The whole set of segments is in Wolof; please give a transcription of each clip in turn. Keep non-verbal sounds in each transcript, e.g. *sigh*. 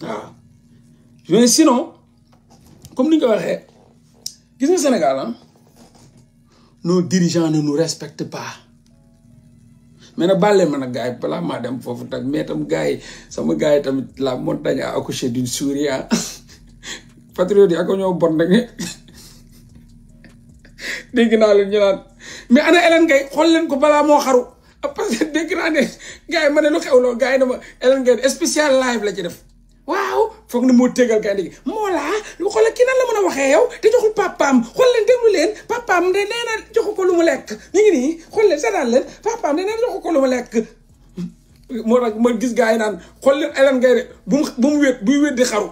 Je ah. veux sinon comme ni nga ko waxee gis le Sénégal hein? Ah, nos dirigeants ne nous respectent pas mais nag bàllee ma gars yi balaa maa dem foofu tam mais tam gars yi sama gars yi la montagne a accouché d'une souris ah *laughs* patriote yi ak ñoo bon nag que nous avons dit, naan mais ana Hélène Gay xool leen ko balaa moo xaru parce que dégg naa ne gars yi ma ne Hélène Gaye spécial live la ci def waaw foog na moo tégal gaynde gi moo laa xoolal kii nan la mën a waxee yow te joxul papaam xool leen déglu leen nee na joxu ko lu mu lekk ñu ngi nii xool leen seetaan leen papaam na joxu ko lu mu lekk ma gis gars naan xool leen Hélène bu mu wét buy wét di xaru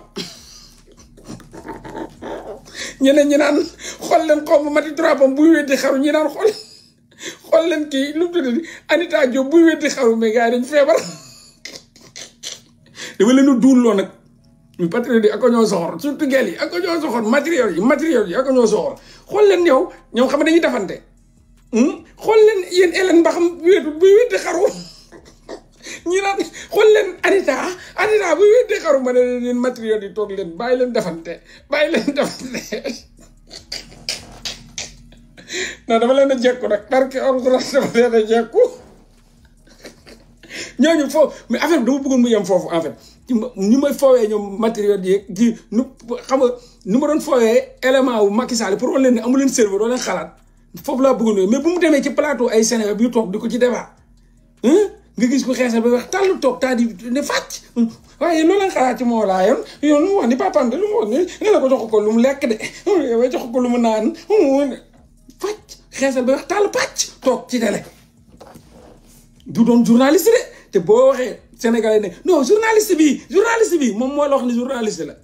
ñeneen ñi naan xool leen xaw ma Mati Drabam buy wét xaru ñi naan xool xool leen kii lu mu tudd Anita Diop buy wét di xaru mais gars dañ feebar dama leen a duulloo nag patriote yi ak ñoo soxor surtout gel yi ak ñoo soxor matériel yi matériel yi ak ñoo soxor xool leen yow ñoom xam ne dañuy defante hmm? xool leen yéen Hélène ba xam bu wéete xaru *laughs* ñi naan leen Anita Anita bu wéete xaru ma leen matériel yi toog leen bàyyi leen defante bàyyi leen defante *laughs* non dama leen a jekku nag barke alxuraan dama leen a jekku *laughs* ñooñu foofu mais affaire bi dama bëggoon mu yem foofu en ñu may fowé ñom matériel yi kii nu xam nga nu ma doon fowé élément wu Macky Sall pour wan leen ne amu leen serveur doo leen fofu la laa bëggoon mais bu mu démé ci plateau ay Sénégal bi toog diko ci débat hein? nga gis ko xéssal ba wax tàll tok ta di ne fàcc waaye loo leen xalaat ci mo la yoon yow lu mu wax ni papaam de lu mu ni ne la ko jox ko lu mu lekk dé yow jox ko lu mu naan fàcc xéssal ba wax tàll pàcc tok ci télé du doon journaliste dé té bo waxé sénégal yi ne non journaliste bi journaliste bi moom moo la wax ne journaliste la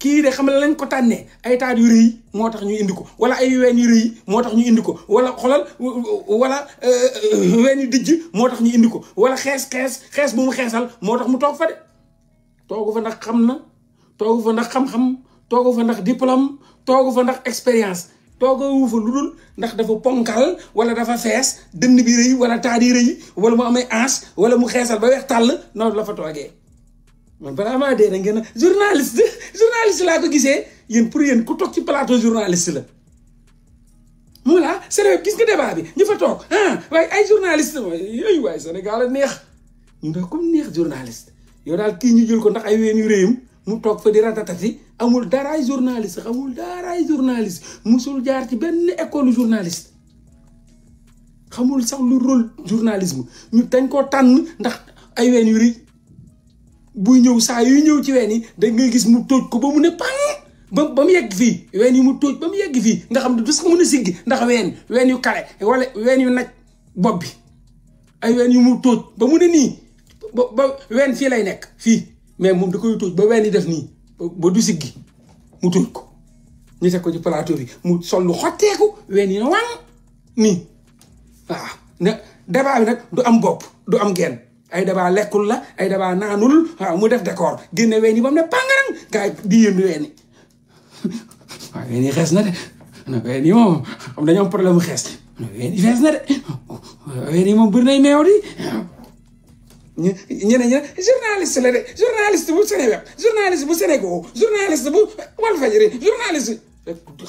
kii de xam ne lañ ko tànnee ay taat yu rëy moo tax ñu indi ko wala ay ween yu moo tax ñu indi ko wala xolal wala euh, ween yu dijj moo tax ñu indi ko wala xees xees xees bu mu xeesal moo tax mu toog fa de toogu fa ndax xam na toogu fa ndax xam-xam toogu fa ndax diplôme toogu fa ndax expérience toogoowu fa lu dul ndax dafa ponkal wala dafa fees dënn bi rëy wala taat yi rëy wala mu amee ange wala mu xeesal ba weex tàll noonu la fa toogee man balaa maa dee da ngeen a journaliste journaliste laa ko gisee yéen pour yéen ku toog ci plateau journaliste la mu laa Seneweb gis nga débat bi ñu fa toog ah waaye ay journaliste waay waay Sénégal a neex ñu ndax comme neex journaliste yow daal kii ñu jël ko ndax ay ween yu réyam mu toog fa di ratatati amul daraay journaliste xamul daraay journaliste musul jaar ci benn école journaliste xamul sax lu rôle journalisme ñu dañ koo tànn ndax ay wen yu rëy buy ñëw saa yuy ñëw ci ween yi da ngay gis mu tóoj ko ba mu ne pan ba mu yegg fii ween yu mu tóoj ba mu yegg fii nga xam ne du sax mën a siggi ndax ween ween yu kale wala ween yu naj bopp bi ay yu mu tóoj ba mu ne nii ba ba ween fii lay nekk fii mais moom da koy tóoj ba ween yi def nii ba du siggi mu tul ko ñu teg ko ci plateau bi mu sol lu xotteeku ween yi na wàŋ nii waaw nag débat bi nag du am bopp du am genn ay débat lekkul la ay débat naanul waaw mu def décor génne ween yi ba mu ne pàngaran gars di yëm *laughs* ween yi xees na de ween moom xam dañoo am problème xees ween yi xees na de ween meew di ñu ñeneen ñi journaliste la de journaliste bu Sénéweb journaliste bu Sénégo journaliste bu Walfadjri journaliste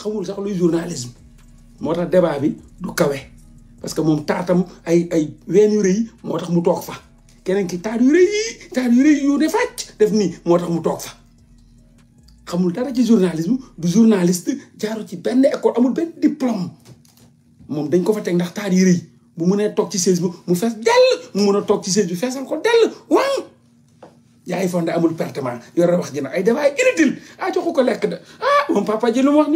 xamul sax luy journalisme moo tax débat bi du kawe parce que moom taatam ay ay ween moo tax mu toog fa keneen ki taat yu rëy yi def nii moo tax mu toog fa xamul dara ci journalisme du journaliste jaaru ci benn école amul benn diplôme moom dañ ko fa teg ndax taat yu rëy bu mënee toog ci sées bi mu fees dell mu mën a toog ci sées bi feesal ko dell waaw yaay fonde amul pertement yore wax ji nag ay débat inutile ah joxu ko lekk de ah moom papa ji lu mu oh, ko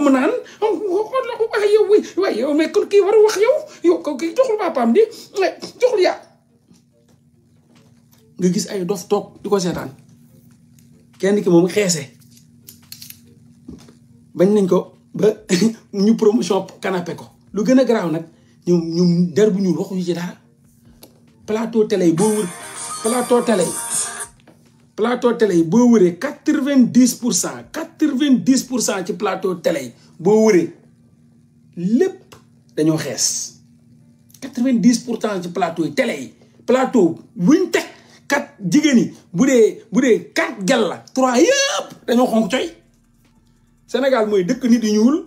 mu naan oh, xool na ko ah yow oui yow mais kon kii war a wax yow yow ko kii joxul papaam di joxul yaa nga gis ay dof toog di ko seetaan kenn ki moom xeese bañ nañ ko ba *laughs* ñu promotion canapé ko lu gën a garaaw nag ñoom ñoom der bu ñuul waxuñu ci dara plateau télé yi boo wër plateau télé yi plateau télé yi boo wëree quatre vingt dix pour cent quatre vingt dix pour cent ci plateau télé yi boo wëree lépp dañoo xees quatre vingt dix pour cent ci plateau yi télé yi plateau buñ teg kat jigéen ñi bu dee bu dee quatre gàll la trois yëpp dañoo xonk coy Sénégal mooy dëkk nit yu ñuul.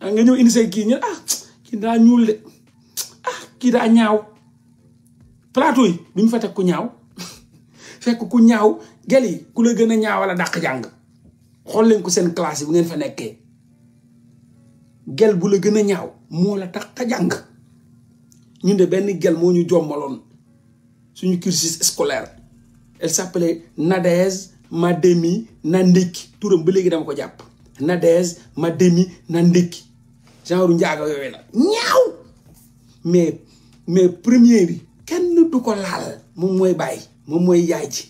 Ah, nga ñëw indi say kii ñu ah kii daa ñuul de ah kii daa ñaaw plateau yi duñ fa teg ku ñaaw *laughs* fekk ku ñaaw gel yi ku la gën a ñaawal a dàq jàng xool leen ko seen classe yi bu ngeen fa nekkee gel bu la gën a ñaaw moo la dàq jàng ñun de benn gel moo ñu jommaloon suñu cursus scolaire elle s'appelait Nadège Mademi Nandeki turam ba léegi danga ko jàpp ma Nadège Mademi Nandeki genre njaaga yooyu la ñaaw mais mais premier bi kenn du ko laal moom mooy bàyyi moom mooy yaay ji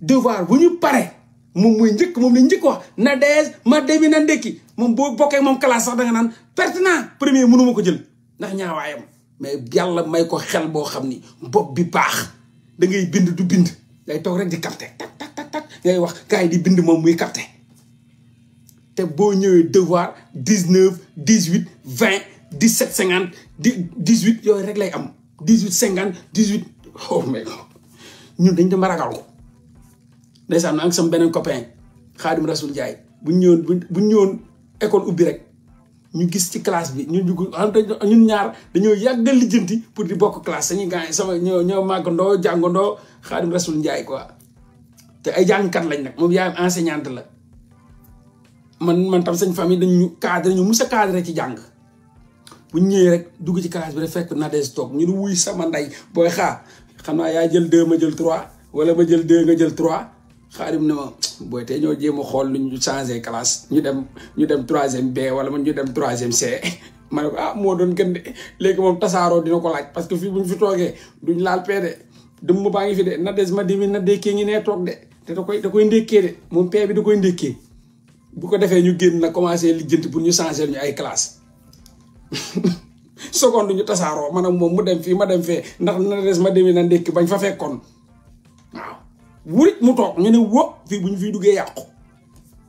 devoir bu ñu pare moom mooy njëkk moom la njëkk wax na dees ma demi na ndekki moom boo bokkee moom classe sax danga nga naan pertinent premier mënuma ko jël ndax ñaawaayam mais yàlla may ko xel boo xam ni bopp bi baax da ngay bind du bind day toog rek di capté tak tak tak ngay wax gars di bind moom muy capté te boo ñëwee devoir dix neuf dix huit vingt dix sept cinquante dix huit yooyu rek lay am dix huit cinquante dix huit oh mais ñun dañ dem ragal ko. ndeysaan maa ngi sama beneen copain Xaadim Rasul Ndiaye bu ñu ñëwoon bu ñu ñëwoon école ubbi rek ñu gis ci classe bi ñu dugg ñun ñaar dañoo yàgg a pour bokk classe sañuy gaañ sama ñoo ñoo màggandoo jàngandoo Xaadim Rasul Ndiaye quoi. te ay jàngkat lañ nag moom yaayam enseignante la. man man tam seen famille dañu ñu cadré ñu mus a cadré ci jàng bu ñëwee rek dugg ci classe bi rek fekk na des toog ñu ne wuy sama ndey booy xaar xam naa yaa jël deux ma jël trois wala ma jël deux nga jël trois xaarim ne ma booy tey ñoo jéem a xool lu ñu changé classe ñu dem ñu dem troisième B wala ñu dem troisième C. *laughs* ma ne ko ah moo doon gën de léegi moom tasaaroo dina ko laaj parce que fii bu ñu fi toogee duñ laal pee de dëmm baa ngi fi de na des ma dimi na dékkee ngi nee toog de te da koy da koy ndékkee de moom pee bi da koy ndékkee. bu ko defee ñu génn na commencé lijjanti pour ñu changer ñu ay classe *laughs* seconde ñu tasaaroo maanaam moom mu dem fii ma dem fee ndax na des ma demee na ndékki bañ fa fekkoon waaw wurit mu toog ñu ne wo fii bu ñu fi duggee yàqu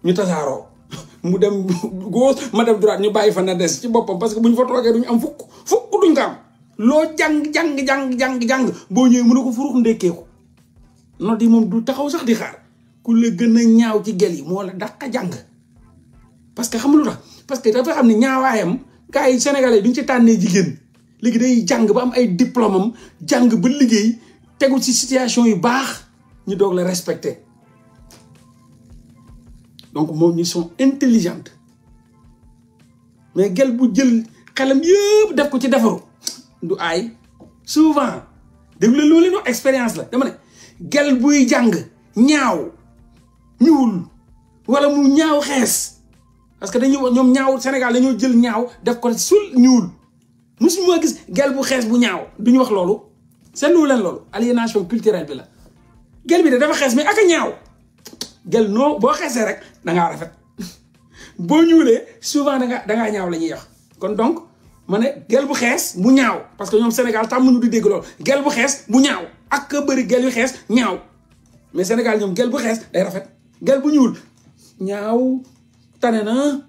ñu tasaaroo *laughs* mu dem *laughs* gauche ma dem droite ñu bàyyi fa na des ci boppam parce que bu ñu fa toogee duñu am fukk fukk duñ ko am loo jàng jàng jàng jàng jàng boo ñëwee mu ne ko furux ndékkee ko not yi moom du taxaw sax di xaar ku la gën a ñaaw ci gel yi moo la dàq jàng parce que xam tax parce que dafa xam ne ñaawaayam gars yi sénégalais duñ ci tànnee jigéen léegi day jàng ba am ay diplôme am jàng ba liggéey tegu ci situation yu baax ñu doog la respecté donc moom ñu sont intelligentes mais gel bu jël xelam yëpp def ko ci defaru du aay souvent déglu leen loolu noonu expérience la dama ne gel buy jàng ñaaw ñuul wala mu ñaaw xees parce que dañuy ñoom ñaawul Sénégal dañoo jël ñaaw def ko sul ñuul musuñu moo gis gel bu xees bu ñaaw duñu wax loolu seetlu leen loolu aliénation culturelle bi la gel bi de dafa xees mais ak a ñaaw gel noo boo xeesee rek dangaa rafet *laughs* boo ñuulee souvent da nga ñaaw lañuy ñuy kon donc ma ne gel bu xees bu ñaaw parce que ñoom Sénégal tàmmuñu di dégg loolu gel bu xees bu ñaaw ak ka bëri gel yu xees ñaaw mais Sénégal ñoom gel bu xees day rafet gel bu ñuul tane na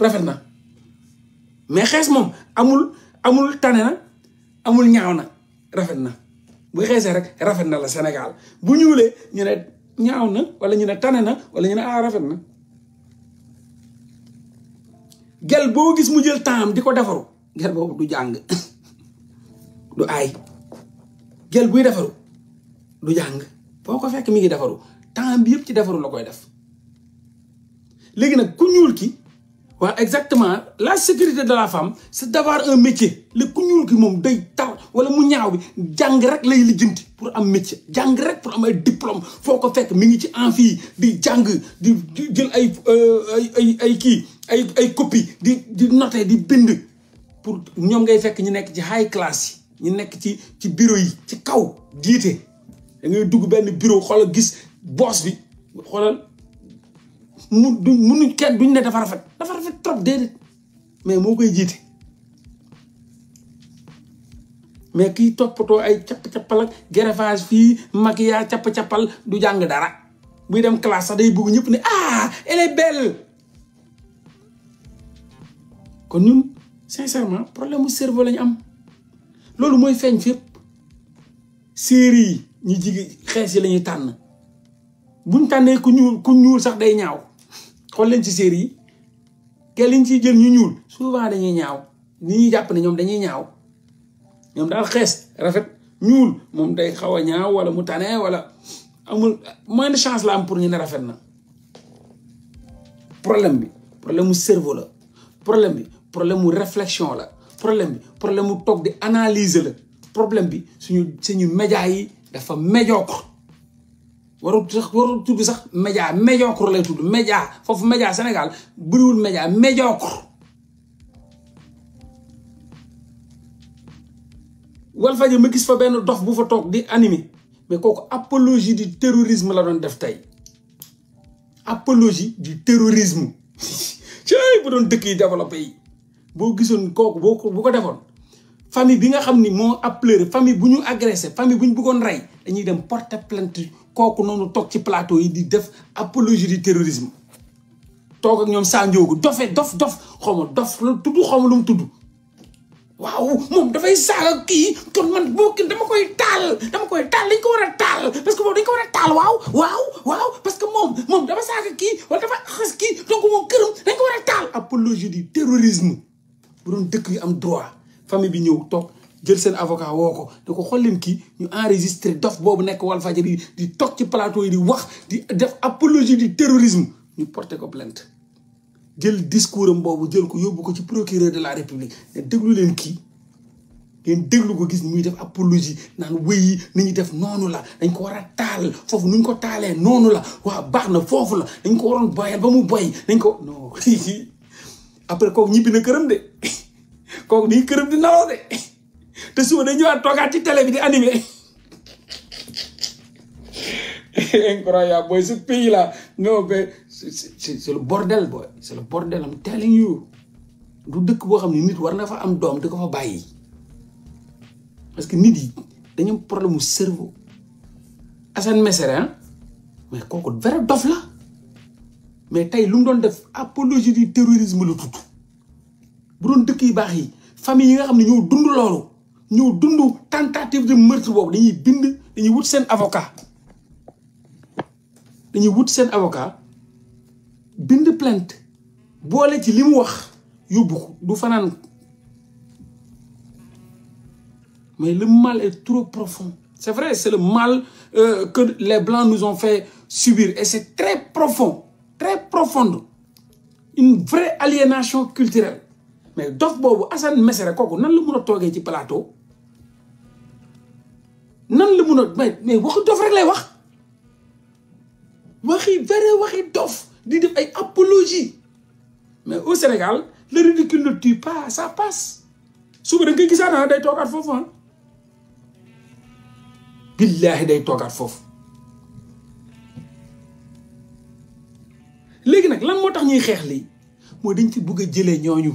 rafet na mais xees moom amul amul tane na amul ñaaw na rafet na bu xeesee rek rafet na la Sénégal bu ñuulee ñu ne ñaaw na wala ñu ne tane na wala ñu ne ah rafet na gel boo gis mu jël temps di ko defaru gel boobu du jàng *laughs* du aay gel buy defaru du jàng boo ko fekk mi ngi defaru temps bi yëpp ci defaru la koy def exactement la sécurité de la femme c'est d'avoir un métier le ku qui ki t'as day tar wala mu pour métier pour un diplôme il faut fekk ci en di copies, des jël ay euh, copie noter di bind pour ngay ñu nekk ci high class bureau yi ci kaw boss mu du mu munuñ kenn duñ ne dafa rafet dafa rafet trop déedéet mais moo koy jiite mais kiy toppatoo ay capp-cappal ak fii fii maquillage capp-cappal du jàng dara buy dem classe sax day bugg ñëpp ne ah elle belle kon ñun sincèrement problème mu cerveau lañu am loolu mooy feeñ fépp série yi ñu jigi xees yi lañuy tànn buñ tànnee ku ñuul ku ñuul sax day ñaaw xool leen ci série yi ke liñ ciy jël ñu ñuul souvent dañuy ñaaw ni ñuy jàpp ne ñoom dañuy ñaaw ñoom daal xees rafet ñuul moom day xaw a ñaaw wala mu tane wala amul moins de chance la am pour ñu ne rafet na problème bi problème mu cerveau la problème bi problème mu réflexion la problème bi problème mu toog di analyser la problème bi suñu suñu média yi dafa médiocre warul sax warul tudd sax média médiocre lay tudd média foofu média Sénégal bëriwul média médiocre Walfadjri ma gis fa benn dox bu fa toog di animé mais kooku apologie du terrorisme la doon def tey apologie di terrorisme *laughs* ci bu doon dëkk yi développé boo gisoon kooku boo bu ko defoon famille bi nga xam ni moo appelé famille bu ñu agressé famille bu ñu buggoon rey dañuy dem porter plainte kooku noonu toog ci plateau yi di def apologie du terrorisme toog ak ñoom sandiogu dofe eh, dof dof xawma dof lu tudd xawma lu mu tudd waaw moom dafay saaga kii kon man boo kii dama koy taal dama koy taal ko war a taal parce que moom dañ ko war a taal waaw waaw waaw que moom moom dafa saaga kii wala dafa xas kii donc moom këram dañ ko war a taal apologie bu doon dëkk yu am droit famille bi ñëw toog jël seen avocat woo ko da ko xool leen kii ñu enregistré dof boobu nekk wal Walfadjri di di toog ci plateau yi di wax di def apologie di terrorisme ñu porté ko plainte jël discours am boobu jël ko yóbbu ko ci procureur de la république ne déglu leen kii ngeen déglu ko gis muy def apologie naan wéyi ni ñu def noonu la dañ ko war a taal foofu nu ko taalee noonu la waaw baax na foofu la dañ ko waroon boyal ba mu boy dañ ko non *laughs* après kooku ñibbi na këram de kok day kërëm di nalaw de te suba day ñëwaat toogaat ci télé bi di animé incroyable boy ce pays là non be c'est le bordel boy c'est le bordel I'm telling you du dëkk bo xamni nit war na fa am dom diko fa bayyi parce que nit yi dañu problème mu cerveau Assane hein mais koku vrai dof la mais tay lu ngi don def apologie du terrorisme la tudd boudon deuk yi bax yi famille yi nga xamni ne ñoo dund lolu ñoo dund tentative de meurtre boobu dañuy bind dañuy wut sen avocat dañuy wut sen avocat bind plainte boole ci limu wax du fanan. mais le mal est trop profond c'est vrai c'est le mal euh, que les blancs nous ont fait subir et c'est très profond très profond. une vraie aliénation culturelle mais dof boobu Assane Mesere koku nan la mun a toogee ci plateau nan la mun mais mais waxu dof rek lay wax waxi vrai waxi dof di def ay apologie mais au Sénégal le ridicule ne tue pas ça passe souba da nga koy ah, day togat foofu ah day togat fof. légui nak lan moo tax ñuy xex li moo dañ ci bëgg jëlé ñooñu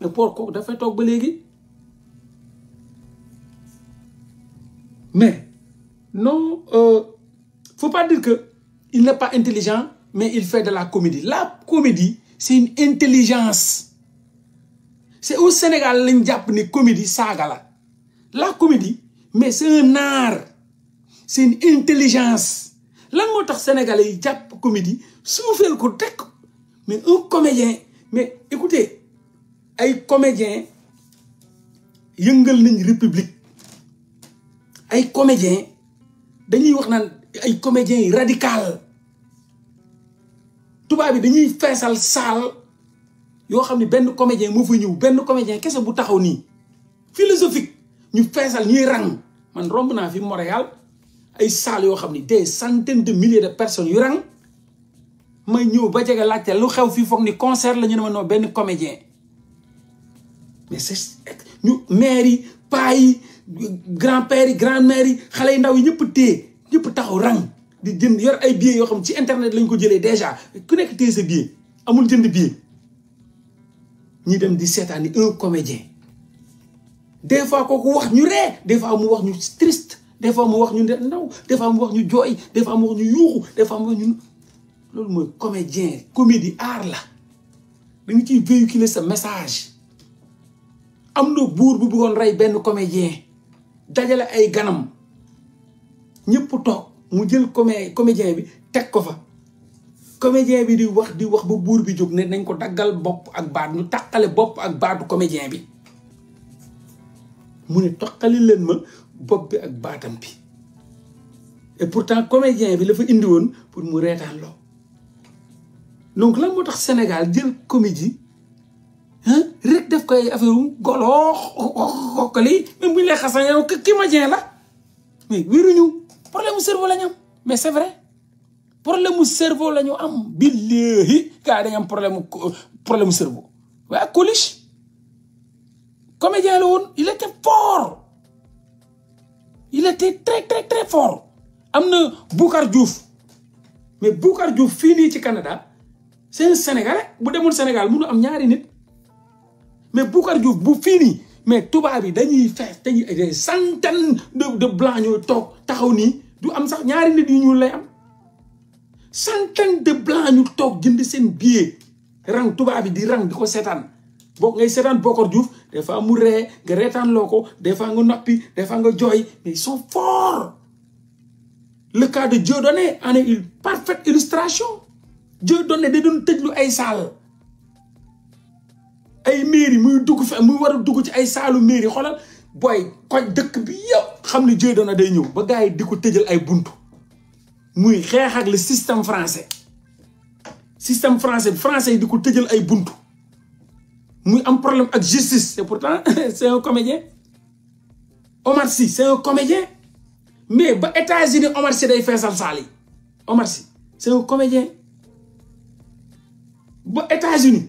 mais pourquoi tu fait fait ba mais non ne euh, faut pas dire que il n'est pas intelligent mais il fait de la comédie la comédie c'est une intelligence c'est au Sénégal lañ japp ni comédie saga la la comédie mais c'est un art c'est une intelligence la moo sénégalais yi comédie C'est mais un comédien mais écoutez ay comédien yëngal nañ république ay comédien dañuy wax na ay comédiens yi radical tubaab yi dañuy feesal saal yoo xam ne benn comédien moo fa ñëw benn comédien kese bu taxaw nii philosophique ñu feesal ñuy rang man romb naa fi Montréal ay saal yoo xam ne de centaines de milliers de personnes yu rang ma ñëw ba jege laajte lu xew fii foog ni concert la ñu ne ma noo benn comédien mais c'est ñu mère yi paa yi grand père yi grand mère yi xale yu ndaw yi ñëpp téye ñëpp taxaw rang di jënd yor ay billets yoo xam ci internet lañ ko jëlee déjà ku nekk téye sa billet amul jënd billet ñi dem di seetaani un comédien des fois kooku wax ñu ree des fois mu wax ñu triste des fois mu wax ñu ndaw des mu wax ñu jooy des fois mu wax ñu yuuxu des fois mu wax ñu loolu mooy comédien comédie art la da nga ciy véhiculer sa message am na buur bu buggoon rey benn comédien dajale ay ganam ñëpp toog mu jël comé comédien bi teg ko fa comédien bi di wax di wax ba buur bi jóg ne nañ ko daggal bopp ak baat ñu taqale bopp ak baatu comédien bi mu ne toqali leen ma bopp bi ak baatam bi et pourtant comédien bi la fa indi woon pour mu reetaan loo donc lan moo tax Sénégal jël comédie rek def ko ay affaire golo xokkali même bu ñu lay xasal yow jé la mais wiruñu problème cerveau la am mais c'est vrai problème cerveau lañu am billahi ka dañu am problème problème mu cerveau waaye Coluche comédien lawon il était fort il était très très très fort amna boukar Boucar Diouf mais boukar Diouf fini ci Canada c'est un Sénégalais bu demul Sénégal mënu am ñaari nit. mais Boucar Diouf bu fii mais tubaab yi dañuy fees dañuy des centaines de de blancs toog taxaw nii du am sax ñaari nit yu ñuul lay am centaine de blancs ñu toog jënd seen billet rang tubaab yi di rang di ko seetaan boo ngay seetaan Boucar Diouf des fois mu ree nga reetaan loo ko des fois nga noppi des nga jooy mais ils sont forts le cas de Dieudonné en est une parfaite illustration Dieudonné da doon lu ay saal ay mairie muy dugg fa muy war a dugg ci ay saalu mairie xoolal booy koñ dëkk bi yëpp xam ne Dieu dana day ñëw ba gars yi di ko tëjal ay buntu muy xeex ak le système français système français français di ko tëjal ay buntu muy am problème ak justice et pourtant *laughs* c'est un comédien Omar Sy c'est un comédien mais ba États-Unis Omar Sy day feesal saal yi Omar Sy c'est un comédien ba États-Unis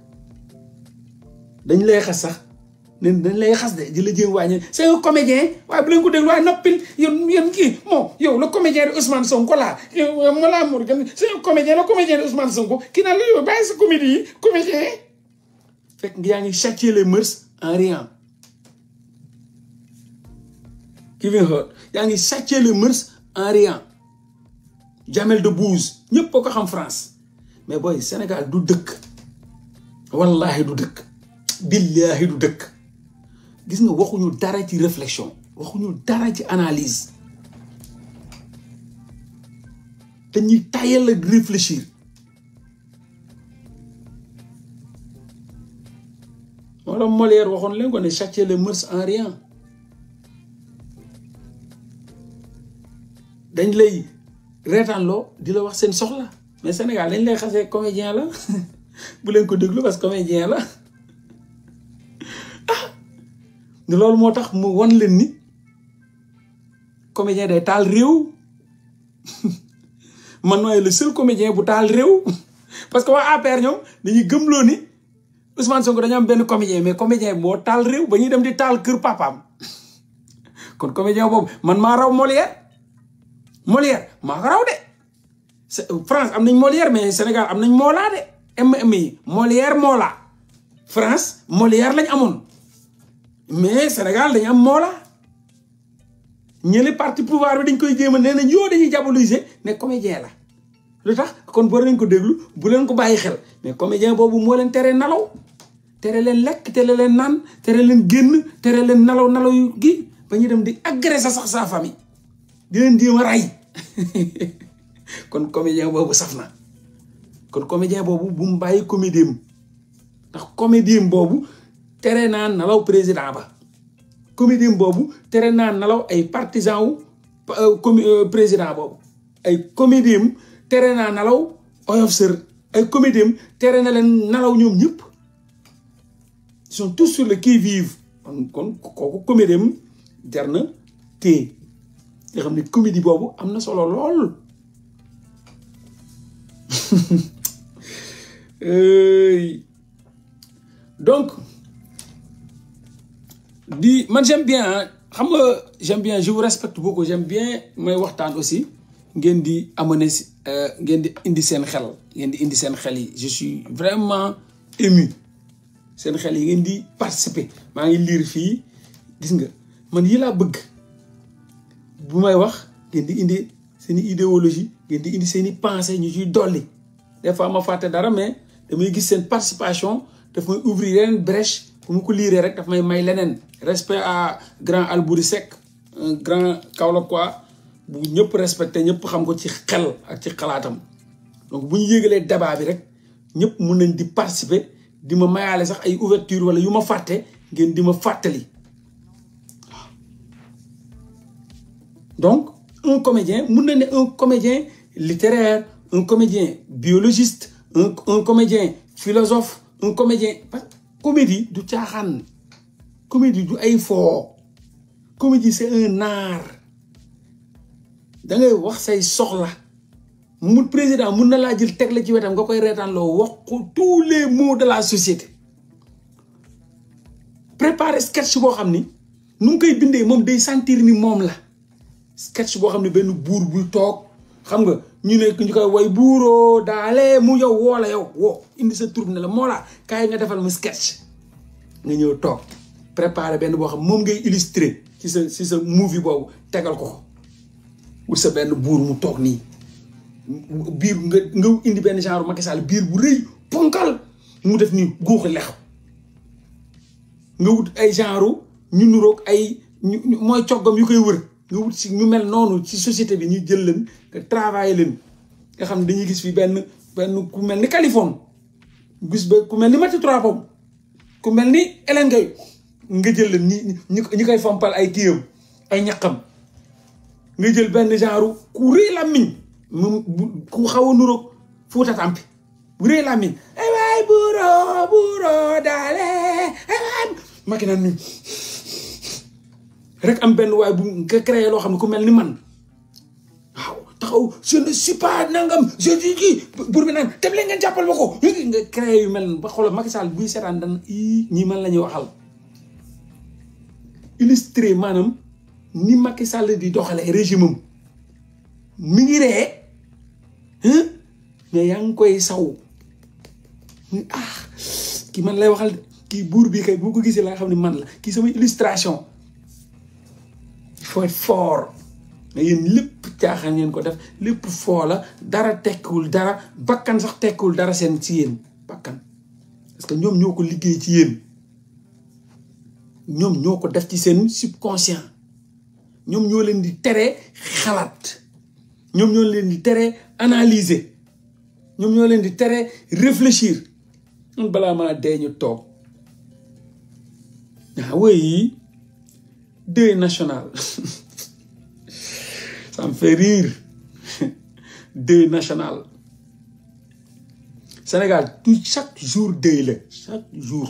dañ lay xas sax dañ lay xas de di la jéem waa ñeneen c'est un comédien waaye bu leen ko déglu waaye noppil yéen yéen kii moom yow le comédien de Ousmane Sonko laa Mollah Morgun c'est un comédien le comédien de Ousmane Sonko kii naan la yow bàyyi sa comédie yaa ngi châtier les mœurs en riant yaa ngi châtier les en riant Jamel de ñëpp a ko xam France mais booy Sénégal du dëkk wallahi du dëkk billahi du deuk gis nga waxuñu dara ci réflexion waxuñu dara ci analyse dañuy tayal ak réfléchir wala Molière waxoon leen ko ne châtier les mœurs en rien dañ lay reetaanloo di la wax seen soxla mais Sénégal dañ lay xasee comédien la *laughs* bu leen ko déglu parce que comédien la loolu moo tax mu won leen ni comédien day taal réew *laughs* man maay le seul comédien bu taal réew *laughs* parce que waa APR ñoom dañuy gëmloo ni Ousmane Sonko dañu am benn comédien mais comédien moo taal réew ba ñuy dem di taal kër papaam *laughs* kon boobu man maa raw Molière Molière maa ko raw de France am nañ Molière mais Sénégal am nañ Mola de mm yi Molière Mola France Molière lañ amoon mais Sénégal dañu am moola ñële parti pouvoir bi dañ koy jéem a nee nañ yoo dañuy diaboliser ne comédien la lu tax kon war nañ ko déglu bu leen ko bàyyi xel mais comédien boobu moo leen tere nalaw tere leen lekk tere leen naan tere leen génn tere leen nalaw nalaw gi ba ñu dem di agresser sax sa famille di leen jéem rey *laughs* kon comédien boobu saf na kon comédien boobu bu mu bàyyi comédie ndax comédie boobu terena nalaw président ba comité partisan président et ay comité terena nalaw ay euh, comité euh, ils sont tous sur le qui-vive kon kon comité na nga *laughs* euh, donc di man j'aime bien hein. xam nga j'aime bien je vous respecte beaucoup j'aime bien may waxtaan aussi ngeen di amener si euh, ngeen di indi sen xel ngeen di indi sen xel yi je suis vraiment ému Sen xel yi ngeen di participer maa ngi lire fi. gis nga man yi laa bëgg bu may wax ngeen di indi seen idéologie ngeen di indi seen pensée ñu ciy dolli des fois ma fàtte dara mais damay gis seen participation daf may ouvrir une brèche pour nous ko direct, rek daf may may leneen respect à grand Albouri Seck un grand quoi? bu ñëpp respecté ñëpp xam ko ci xel ak ci donc bu ñu yégalee débat bi rek ñëpp mun di participer di ma mayaale sax ay ouverture wala yuma faté ngeen di ma donc un comédien mun na un comédien littéraire un comédien biologiste un un comédien philosophe un comédien comédie du caaxaan comédie du ay foo comédie c'est un art da ngay wax say soxla mu président mu na la jël tek la ci wétam nga koy reetaan lo wax ko tous les mots de la société préparer sketch bo xamni ni koy bindé mom day sentir ni mom la sketch bo xamni ben bour bu tok xam nga ñu nek ñu koy way bouro dalé mu yow woo yow wo indi sa tur la moo la nga defal mu sketch nga ñëw tok préparé benn boo xam moom ngay illustré ci sa ci sa movie boobu tegal ko ko wut sa benn buur mu toog nii biir nga nga indi benn genre Macky Sall biir bu rëy ponkal mu def nii guuxi lex nga wut ay genre ñu nuroog ay mooy coggam yu koy wër nga wut si ñu mel noonu ci société bi ñu jël leen nga travailler leen nga xam ne dañuy gis fi benn benn ku mel ni Californie gis ba ku mel ni Mati Trois ku mel ni Hélène nga jël leen ñi ñi ñi koy fompal ay kiyam ay ñaqam nga jël benn genre ku rëy làmmiñ mu ku xaw a nuroog fuuta tàmpi bu rëy làmmiñ ay eh waay buuro daale eh maki naan ni rek am benn waay bu nga créé loo xam ne ku mel ni man waaw taxaw je ne suis pas kii buur bi naan dem leen ngeen jàppal ma ko nga créé yu mel ba xoolal Macky Sall buy seetaan dan i ñi man la waxal illustré maanaam ni Macky Sall di doxalee régime am mi ngi ree mais yaa ngi koy saw ah kii man lay waxal kii buur bi kay boo ko gisee la xam ne man la kii sama illustration il faut être fort mais yéen lépp caaxaan ngeen ko def lépp foola dara tekkiwul dara bakkan sax tekkiwul dara seen ci yéen bakkan parce que ñoom ñoo ko liggéey ci yéen ñom ñoko def ci sen subconscient ñom ñoo leen di téré xalat ñom ñoo leen di téré analyser ñom ñoo leen di téré réfléchir on balaa maa dee ñu toog ah oui national *laughs* ça me fait rire *laughs* deuil national Sénégal tout chaque jour deuil la chaque jour.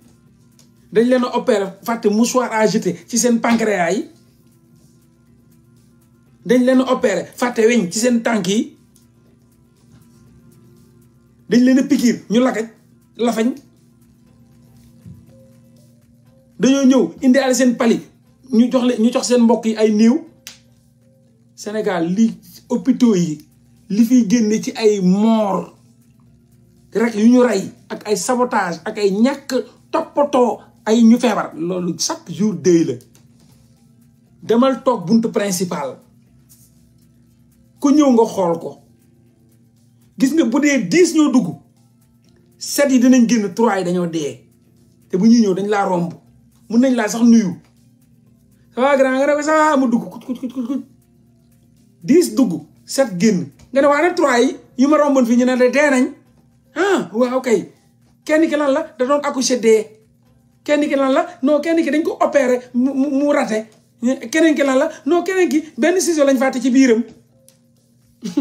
dañ leen a fàtte mouchoir à ci seen pancréas yi dañ leen a fàtte weñ ci seen tànk yi dañ leen a pikiir ñu lakaj lafañ dañoo ñëw indi ale seen pali ñu jox leen ñu jox seen mbokk yi ay néew Sénégal li hôpitaux yi li fiy génne ci ay moor rek yu ñu rey ak ay sabotage ak ay ñàkk toppatoo ay ñu feebar loolu chaque jour dëy la demal toog bunt principal ku ñëw nga xool ko gis nga bu dee dix ñoo dugg sept yi dinañ génn trois yi dañoo dee te bu ñuy ñëw dañ laa romb mun nañ laa sax nuyu ça va grand nga ne ça va mu dugg kuc kuc kuc kuc dugg sept génn nga ne waa ne trois yi yu ma romboon fii ñu ne de dee nañ ah waaw kay kenn ki lan la da doon accouché dee kenn ki lan la noo kenn ki dañ ko opéré mu mu raté keneen ki lan la non keneen ki benn ciseau lañ fàtte ci biiram *laughs*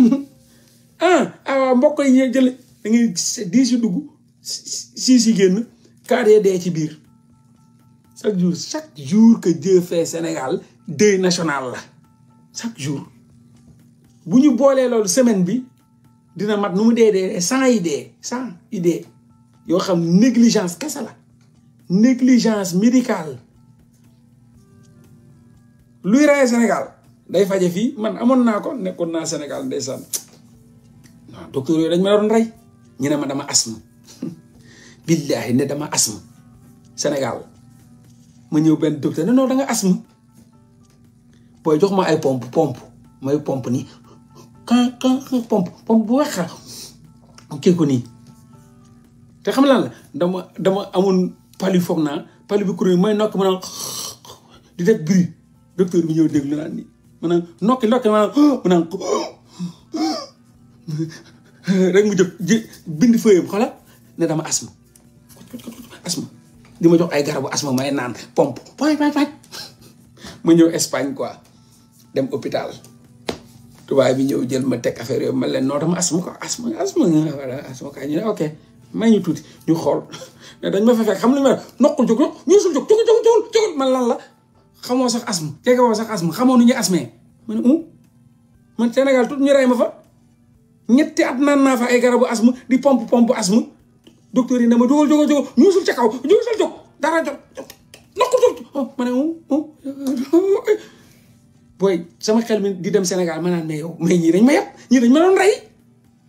ah ah mbokk yi ñuy jël da ngay diis yu dugg siis yi génn kaar yee dee ci biir chaque jour chaque jour que Dieu fait Sénégal de national la chaque jour bu ñu boolee loolu semaine bi dina mat nu mu dee dee cent idées cent idées yoo xam négligence kese la. négligence médicale luy raye Sénégal day faje fii man amoon naa ko nekkoon naa Sénégal ndeysaan non docteur yooyu dañ ma doon ñu ne ma dama asma *laughs* billaahi ne dama Sénégal ma ñëw benn docteur ne non da nga asma booy jox ma ay pompe pompe may pompe ni kan kan pompe pompe bu weex kii ko nii te xam lan la dama dama amoon pali foog naa pali bi kuréel mooy nokk maanaam di def bruit docteur bi ñëw déglu naan ni maanaam nokki nokki maanaam maanaam rek mu jóg bind fëyam xoolal ne dama asma asma di ma jox ay garabu asma may naan pompe poñ poñ poñ ma ñëw Espagne quoi dem hôpital tubaab bi ñëw jël ma teg affaire yooyu ma leen noo dama asma quoi asma asma voilà asma kaa ñu ne ok may ñu tuuti ñu xool *laughs* mais dañ ma fa fekk xam lu ma noqul jóg jóg ñu sul jóg jóg jóg jóg jóg man lan la xamoo sax asma jege woo sax asma xamoo nu ñu asmee ma man Sénégal tut ñu rey ma fa ñetti at naan naa ay garabu asma di pompe pompe asma yi ne ma jógal jógal ñu sul ca kaw jóg sal jóg dara jóg noqul jóg oh, ma ne u booy sama xel mi di dem Sénégal ma naan mais yow mais ñii dañ ma yàpp ñii dañ ma doon rey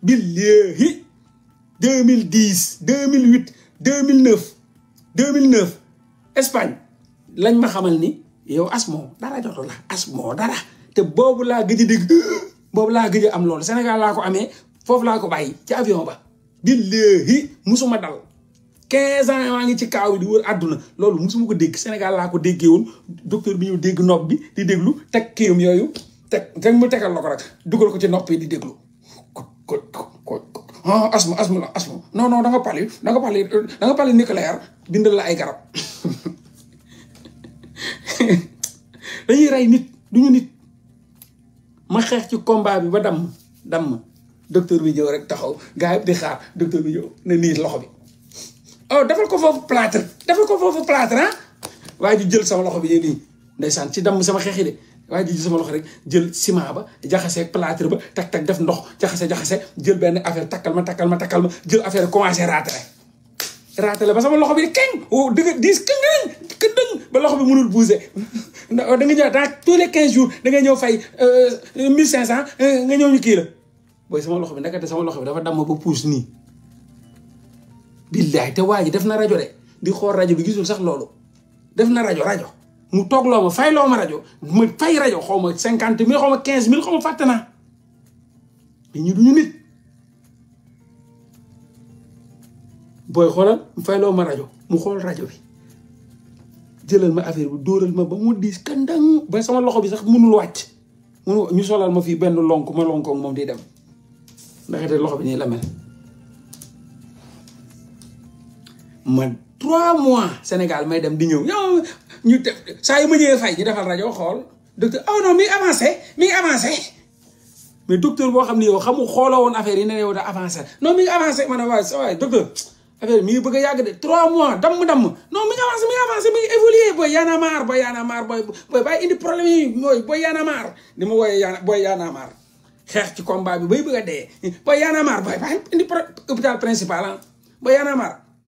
billaahi deux mille dix deux mille huit deux mille neuf deux mille neuf Espagne lañ ma xamal ni yow asmo dara jotu la asmo dara te boobu laa gëj a dégg *gasps* boobu laa gëj am loolu Sénégal laa ko amee foofu laa ko bàyyi ci avion ba billahi musuma dal quinze ans maa ngi ci kaaw yi di wër àdduna loolu musuma ko dégg Sénégal laa ko déggee woon docteur bi ñu dégg nopp bi di déglu teg kiyum yooyu teg teg mu tegal la ko rek dugal ko ci nopp yi di déglu ah asma asma la asma non non da nga pali da nga pali euh, da nga pali nucléaire bindal la ay garab *laughs* rey nit duñu nit ma xeex ci combat bi ba damm damm docteur bi ñëw rek taxaw gars di xaar docteur bi ñëw ne nii loxo oh, defal ko foofu plâtre defal ko foofu plâtre ah waaye ji jël sama loxo bi yéen nii ndeysaan ci damm sama xeex de waaye di sama loxo rek jël ciment ba jaxaseeg plâtre ba tak tak def ndox jaxase jaxase jël benn affaire takkal ma takkal ma takkal ma jël affaire commencé raatale raatale ba sama loxo bi keng oh, dëgg diis këng këndëng ba loxo bi mënul bouger *laughs* oh, da nga ñëw dans ah, tous les quinze jours da nga ñëw fay euh, euh, mille cinq cent euh, nga ñëw ñu kii la booy sama loxo bi ndekete sama loxo bi dafa damm ba puus nii billaay te waa ji def na rajo de di xool rajo bi gisul sax loolu def na rajo rajo mu toog loo ma fay loo ma rajo ma fay rajo xaw ma cinquante mille xaw ma quinze mille xaw ma fàtte naa mais ñu duñu nit booy xoolal mu fay loo ma rajo mu xool rajo bi jëlal ma affaire bi dóoral ma ba mu diis kandang ba sama loxo bi sax mënul wàcc mënu ñu solal ma fii benn lonk ma lonkoog moom di dem ndaxte loxo bi nii la mel ma trois mois Sénégal may dem di ñëw yow ñu def saa yu ma ñëwee fay ñu defal rajo xool docteur oh non mi ngi avancé mi ngi avancé mais docteur boo xam ne yow xamu xooloo woon affaire yi ne yow da avancé non mi ngi avancé ma ne waaye sa waay docteur affaire mi bëgg a yàgg trois mois damm damm non mi ngi avancé mi ngi avancé mi ngi évolué booy yaana maar booy yaana maar booy booy bàyyi indi problème yi mooy booy yaana maar di ma wooyee yaana booy yaana maar xeex ci combat bi bay bëgg a dee booy yaana maar booy bàyyi indi hôpital principal ah booy yaana maar